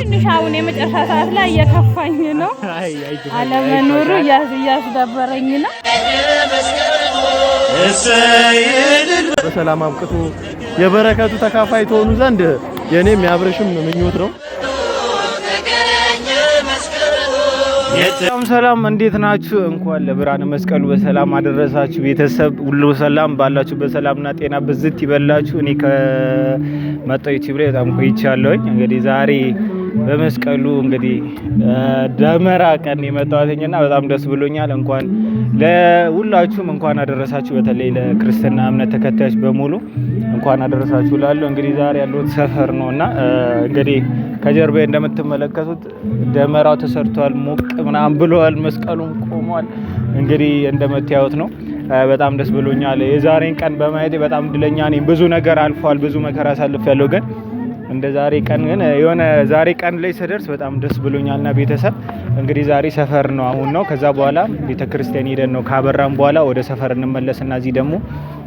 ትንሽ አሁን የመጨረሻ ሰዓት ላይ እየከፋኝ ነው። አለመኖሩ እያስደበረኝ ነው። በሰላም አብቅቶ የበረከቱ ተካፋይ ተሆኑ ዘንድ የእኔም የአብርሽም ምኞት ነው። ሰላም ሰላም፣ እንዴት ናችሁ? እንኳን ለብርሃነ መስቀሉ በሰላም አደረሳችሁ። ቤተሰብ ሁሉ ሰላም ባላችሁ በሰላምና ጤና ብዝት ይበላችሁ። እኔ ከመጣው ዩቲዩብ ላይ በጣም ቆይቻለሁኝ። እንግዲህ ዛሬ በመስቀሉ እንግዲህ ደመራ ቀን የመጣሁትና በጣም ደስ ብሎኛል። እንኳን ለሁላችሁም እንኳን አደረሳችሁ። በተለይ ለክርስትና እምነት ተከታዮች በሙሉ እንኳን አደረሳችሁ ላለሁ እንግዲህ ዛሬ ያለሁት ሰፈር ነው እና እንግዲህ ከጀርባ እንደምትመለከቱት ደመራው ተሰርቷል። ሞቅ ምናምን ብለዋል። መስቀሉም ቆሟል። እንግዲህ እንደምታዩት ነው። በጣም ደስ ብሎኛል። የዛሬን ቀን በማየቴ በጣም እድለኛ ነኝ። ብዙ ነገር አልፏል። ብዙ መከራ አሳልፍ ያለው ግን እንደ ዛሬ ቀን ግን የሆነ ዛሬ ቀን ላይ ስደርስ በጣም ደስ ብሎኛልና ቤተሰብ እንግዲህ ዛሬ ሰፈር ነው አሁን ነው። ከዛ በኋላ ቤተ ክርስቲያን ሄደን ነው ካበራን በኋላ ወደ ሰፈር እንመለስና እዚህ ደግሞ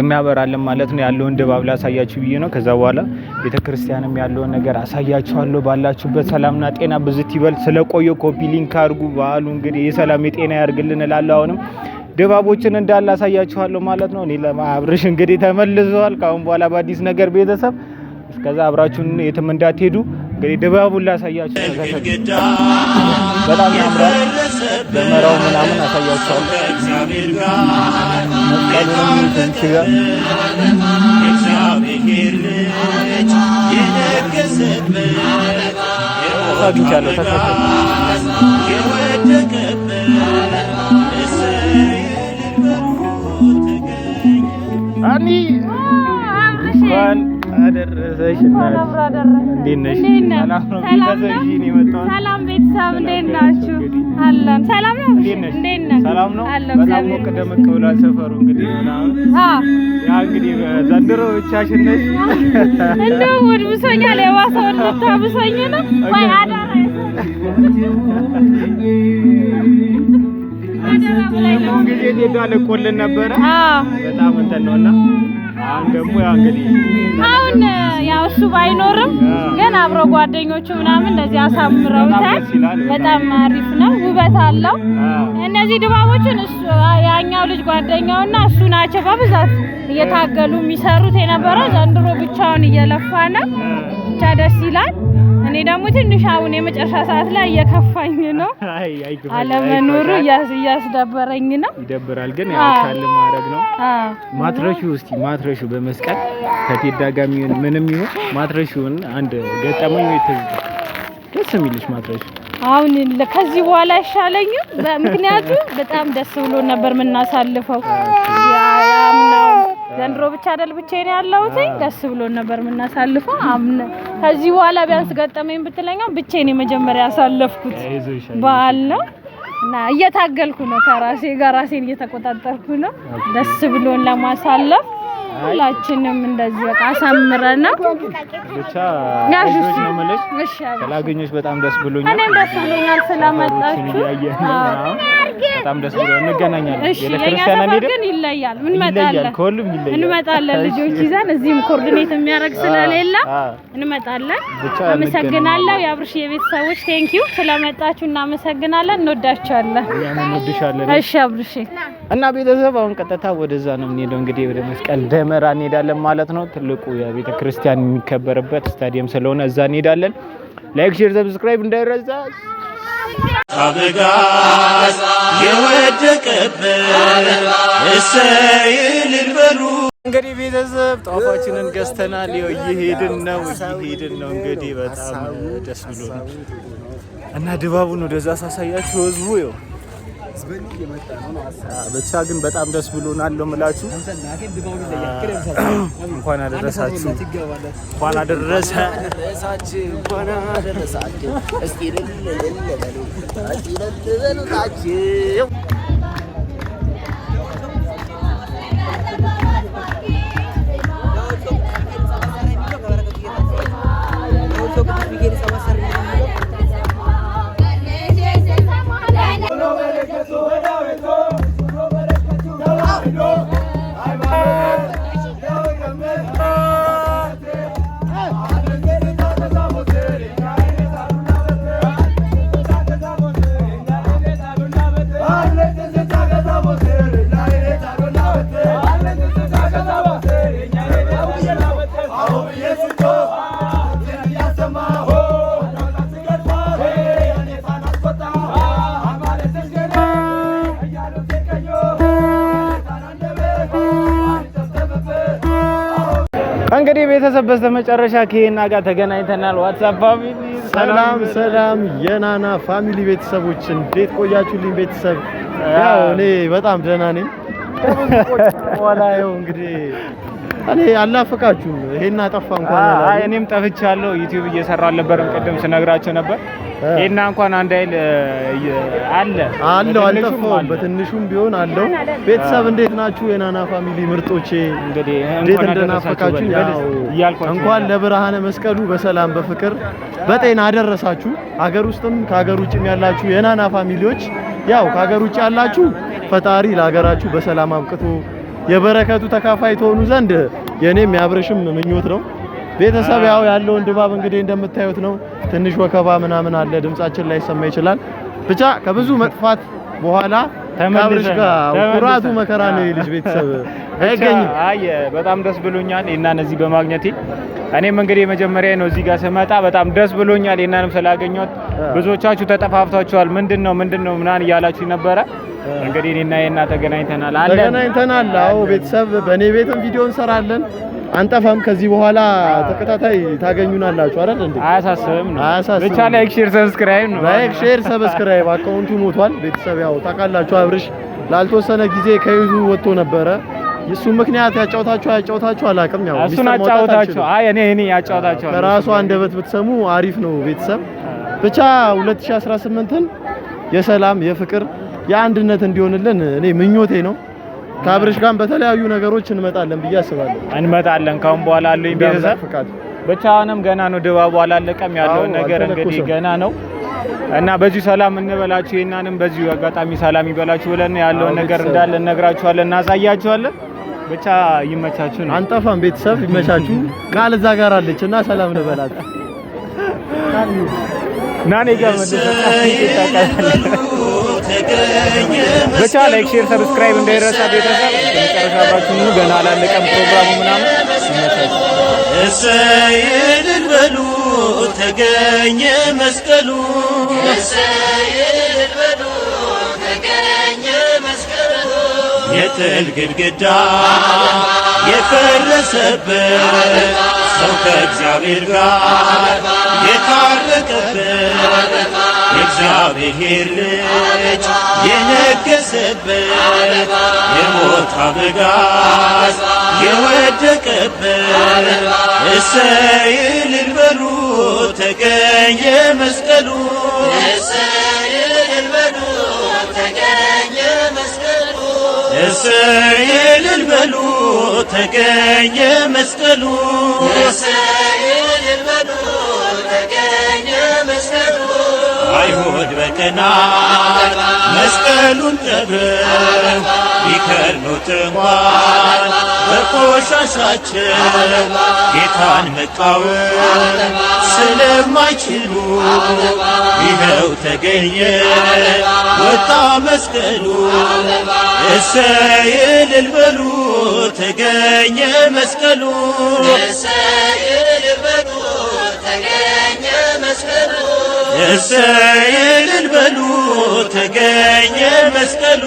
የሚያበራለን ማለት ነው። ያለውን ድባብ ላሳያችሁ ብዬ ነው። ከዛ በኋላ ቤተ ክርስቲያንም ያለውን ነገር አሳያችኋለሁ። ባላችሁበት ሰላምና ጤና ብዝት ይበል። ስለቆየ ኮፒ ሊንክ አድርጉ። በዓሉ እንግዲህ የሰላም የጤና ያርግልን እላለሁ። አሁንም ድባቦችን እንዳላሳያችኋለሁ ማለት ነው። እኔ አብርሽ እንግዲህ ተመልሰዋል። ካሁን በኋላ በአዲስ ነገር ቤተሰብ ከዛ አብራችሁን የትም እንዳትሄዱ። እንግዲህ ድባቡን ላሳያችሁ። በጣም ያምራል። ደመራው ምናምን አሳያችኋል። አግኝቻለሁ አደረሰሽ። ሰላም ቤተሰብ እንዴት ናችሁ? ደመቅ ብሏል ሰፈሩ። እንግዲህ ያ እንግዲህ ዘንድሮ ብቻሽን ነሽ? እንደው ውድ ብሶኛል። የባሰውን ልታብሶኝ ነው ወይ? አደረ ጊዜ ሄዷል። እቆልን ነበረ በጣም እንትን ነውና አሁን ደግሞ ያው እንግዲህ አሁን ያው እሱ ባይኖርም ግን አብሮ ጓደኞቹ ምናምን እንደዚህ አሳምረውታል። በጣም አሪፍ ነው፣ ውበት አለው። እነዚህ ድባቦችን እሱ ያኛው ልጅ ጓደኛውና እሱ ናቸው በብዛት እየታገሉ የሚሰሩት የነበረው። ዘንድሮ ብቻውን እየለፋ ነው። ብቻ ደስ ይላል። እኔ ደግሞ ትንሽ አሁን የመጨረሻ ሰዓት ላይ እየከፋኝ ነው። አለመኖሩ እያስደበረኝ ነው። ይደብራል፣ ግን ያቻለ ማድረግ ነው። ማትረሹ እስቲ ማትረሹ በመስቀል ከቴዳ ጋር የሚሆን ምንም ይሁን ማትረሹን አንድ ገጠመኝ ወይ ትዝ ደስ የሚልሽ ማትረሹ አሁን ከዚህ በኋላ ይሻለኝ። ምክንያቱም በጣም ደስ ብሎ ነበር የምናሳልፈው። ዘንድሮ ብቻ አይደል ብቻዬን ያለሁት ደስ ብሎ ነበር የምናሳልፈው። ከዚህ በኋላ ቢያንስ ገጠመኝ ብቻ ብቻዬን የመጀመሪያ ያሳለፍኩት በዓል ነው እና እየታገልኩ ነው ከራሴ ጋር ራሴን እየተቆጣጠርኩ ነው ደስ ብሎን ለማሳለፍ ሁላችንም እንደዚህ በቃ አሳምረን ብቻ ያሽሽ ነው ማለት ስላገኘሁሽ በጣም ደስ ብሎኛል። እኔም ደስ ብሎኛል ስለመጣችሁ። በጣም ደስ ብሎኛል። እንገናኛለን። ቤተክርስቲያን ግን ይለያል። እንመጣለን፣ ከሁሉም ይለያል። እንመጣለን ልጆች ይዘን እዚህም ኮርዲኔት የሚያደርግ ስለሌለ እንመጣለን። አመሰግናለሁ የአብርሽ የቤተሰቦች ቴንኪዩ ስለመጣችሁ እናመሰግናለን። እንወዳችኋለን። እንወድሻለን። እሺ አብርሽ እና ቤተሰብ አሁን ቀጥታ ወደዛ ነው የምንሄደው እንግዲህ ወደ መስቀል ደም ደመራ እንሄዳለን ማለት ነው። ትልቁ የቤተ ክርስቲያን የሚከበርበት ስታዲየም ስለሆነ እዛ እንሄዳለን። ላይክ፣ ሼር፣ ሰብስክራይብ እንዳይረዛ። አበጋዝ የወደቀበት እሰይ እልል እንግዲህ ቤተሰብ ጧፋችንን ገዝተናል። እየሄድን ነው እየሄድን ነው። እንግዲህ በጣም ደስ ብሎ ነው እና ድባቡን ወደዛ ሳሳያችሁ ህዝቡ ብቻ ግን በጣም ደስ ብሎናል ነው የምላችሁ። እንኳን አደረሳችሁ፣ እንኳን አደረሰ። እስኪ ልል በሉ ቤተሰብ በስተመጨረሻ ከሄና ጋር ተገናኝተናል። ዋትሳፕ ፋሚሊ ሰላም ሰላም፣ የናና ፋሚሊ ቤተሰቦች እንዴት ቆያችሁልኝ? ቤተሰብ ያው እኔ በጣም ደህና ነኝ። እንግዲህ እኔ አላፈቃችሁ ይሄን አጠፋ እንኳን አይ እኔም ጠፍቻለሁ። ዩቲዩብ እየሰራ አልነበረም፣ ቅድም ስነግራቸው ነበር። ይሄና እንኳን አንድ አይል አለ አለ አልጠፋውም። በትንሹም ቢሆን አለው። ቤተሰብ እንዴት ናችሁ? የናና ፋሚሊ ምርጦቼ እንግዲህ እንዴት እንደናፈቃችሁ እንኳን ለብርሃነ መስቀሉ በሰላም በፍቅር በጤና አደረሳችሁ። ሀገር ውስጥም ከሀገር ውጭም ያላችሁ የናና ፋሚሊዎች ያው ከሀገር ውጭ ያላችሁ ፈጣሪ ለሀገራችሁ በሰላም አብቅቶ የበረከቱ ተካፋይ ተሆኑ ዘንድ የኔ የአብርሽም ምኞት ነው። ቤተሰብ ያው ያለውን ድባብ እንግዲህ እንደምታዩት ነው። ትንሽ ወከባ ምናምን አለ፣ ድምጻችን ላይ ሰማ ይችላል። ብቻ ከብዙ መጥፋት በኋላ ከአብርሽ ጋር ኩራቱ መከራ ነው የልጅ ቤተሰብ አይገኝም። አይ በጣም ደስ ብሎኛል እናን እዚህ በማግኘቴ። እኔም እንግዲህ የመጀመሪያ ነው እዚህ ጋር ስመጣ በጣም ደስ ብሎኛል እናንም ስላገኘሁት። ብዙዎቻችሁ ተጠፋፍታችኋል፣ ምንድን ነው ምንድን ነው ምናምን እያላችሁ ነበረ እንግዲህ እኔና የና ተገናኝተናል አለ ተገናኝተናል። አዎ ቤተሰብ በእኔ ቤትም ቪዲዮ እንሰራለን፣ አንጠፋም። ከዚህ በኋላ ተከታታይ ታገኙናላችሁ አይደል እንዴ? አያሳስብም ነው አያሳስብም። ብቻ ላይክ፣ ሼር፣ ሰብስክራይብ ነው። ላይክ፣ ሼር፣ ሰብስክራይብ አካውንቱ ሞቷል። ቤተሰብ ያው ታውቃላችሁ፣ አብርሽ ላልተወሰነ ጊዜ ከይዙ ወጥቶ ነበረ። የሱ ምክንያት ያጫውታችሁ ያጫውታችሁ አላውቅም። ያው እሱን አጫውታችሁ አይ እኔ እኔ ያጫውታችሁ ከራሱ አንደበት ብትሰሙ አሪፍ ነው ቤተሰብ ብቻ 2018ን የሰላም የፍቅር የአንድነት እንዲሆንልን እኔ ምኞቴ ነው። ከአብርሽ ጋር በተለያዩ ነገሮች እንመጣለን ብዬ አስባለሁ። እንመጣለን ካሁን በኋላ አሉኝ ቤተሰብ ብቻንም ገና ነው፣ ድባቡ አላለቀም። ያለውን ነገር እንግዲህ ገና ነው እና በዚሁ ሰላም እንበላችሁ፣ ይናንም በዚሁ አጋጣሚ ሰላም ይበላችሁ ብለን ያለውን ነገር እንዳለ እነግራችኋለን፣ እናሳያችኋለን። ብቻ ይመቻችሁ ነው። አንጠፋም። ቤተሰብ ይመቻችሁ። ቃል እዛ ጋር አለች እና ሰላም እንበላት ናኔ ጋር ብቻ ላይክ፣ ሼር፣ ሰብስክራይብ እንዳይረሳ ቤተሰብ። መጨረሻ አብራችሁ ኑ። ገና አላለቀም ፕሮግራሙ ምናምን ይመቻል። እሰይ እልል በሉ ተገኘ መስቀሉ የጥል ግድግዳ የፈረሰበት ሰው ከእግዚአብሔር ጋር የታረቀበት የእግዚአብሔር ልጅ የነገሰበት የሞት አበጋዝ የወደቀበት እሰይ እልል በሉ ተገኘ መስቀሉ እሰይ እልል በሉ ተገኘ መስቀሉ በቀናት መስቀሉን ቀብረው ቢከርሙት እንኳን በቆሻሻቸው ጌታን መቃወም ስለማይችሉ ይኸው ተገኘ ወጣ መስቀሉ። እሰይ እልል በሉ ተገኘ መስቀሉ። እሰይ እልል በሉ ተገኘ መስቀሉ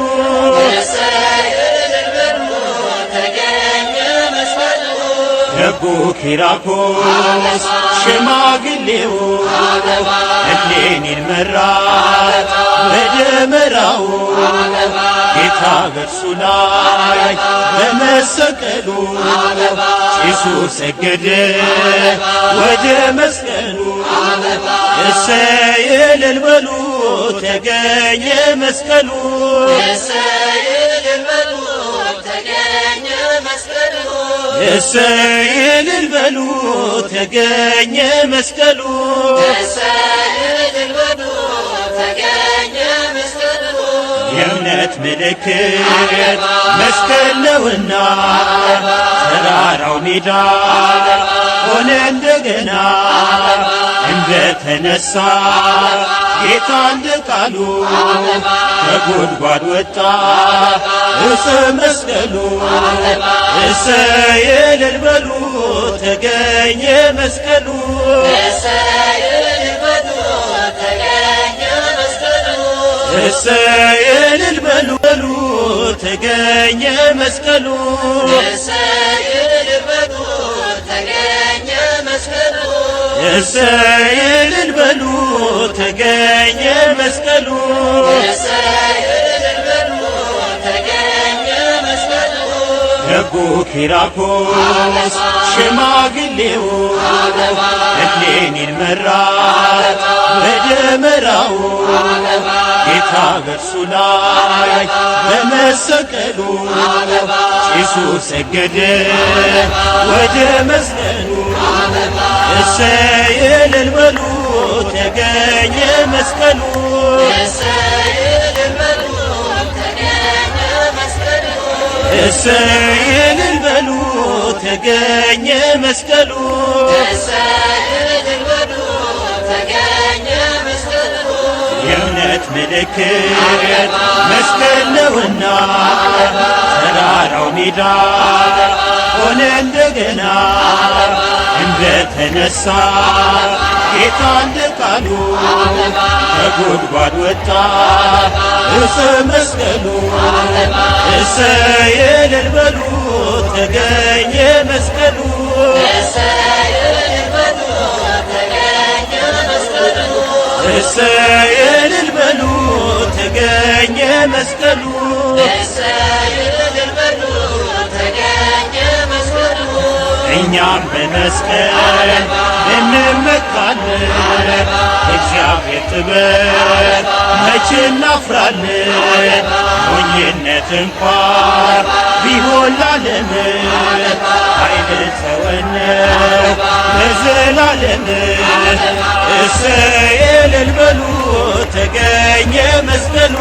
ደጉ ኪራኮስ ሽማግሌው እሌኒን መራ በደመራው ጌታ በእርሱ ላይ በመሰቀሉ ጭሱ ሰገደ ወደ መስቀሉ እሰይ እልል በሉ ተገኘ መስቀሉ እሰይ እልል በሉ ተገኘ መስቀሉ እሰይ እልል በሉ ተገኘ መስቀሉ እሰይ እልል በሉ ተገኘ መስቀሉ የእምነት ምልክት መስቀል ነውና ተራራው ሜዳ ሆነ እንደገና እንደተነሳ ጌታ እንደ ቃሉ ከጉድጓድ ወጣ እሰ መስቀሉ እሰ የእልል በሉ ተገኘ መስቀሉ እሰ የእልል በሉ ተገኘ መስቀሉ እሰይልን በሉ ተገኘ መስቀሉ ደጉ ኪራኮስ ሽማግሌው እሌኒን መራ በደመራው ጌታ በርሱ ላይ በመሰቀሉ ጭሱ ሰገደ ወደ መስቀሉ እሰይ እልል በሉት ተገኘ መስቀሉ እሰይ እልል በሉት ተገኘ መስቀሉ የእምነት ምልክት መስቀል ነውና ተራራው ሜዳ ሆነ እንደገና እንደተነሳ ጌታ እንደ ቃሉ ከጉድጓድ ወጣ እፀ መስቀሉ። እሰይ እሰ በሉ ተገኘ መስቀሉ። እሰ እልል ተገኘ መስቀሉ። እኛም በመስቀል እንመካለን። እግዚአብሔር ጥበብ መቼ እናፍራለን። ሞኝነት እንኳን ቢሆን ላለም አይልተወነ ለዘላለም። እሰይ እልል ተገኘ መስቀሉ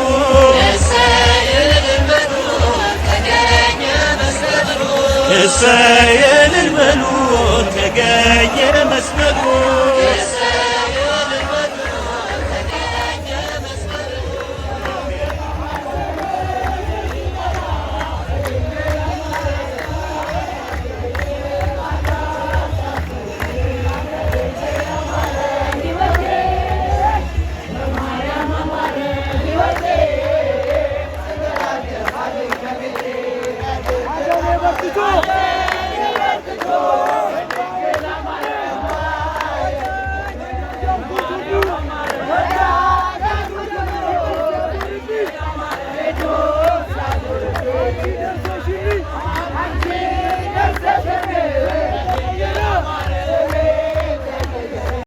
እሰይ በሉ ተገኘ መስመሩ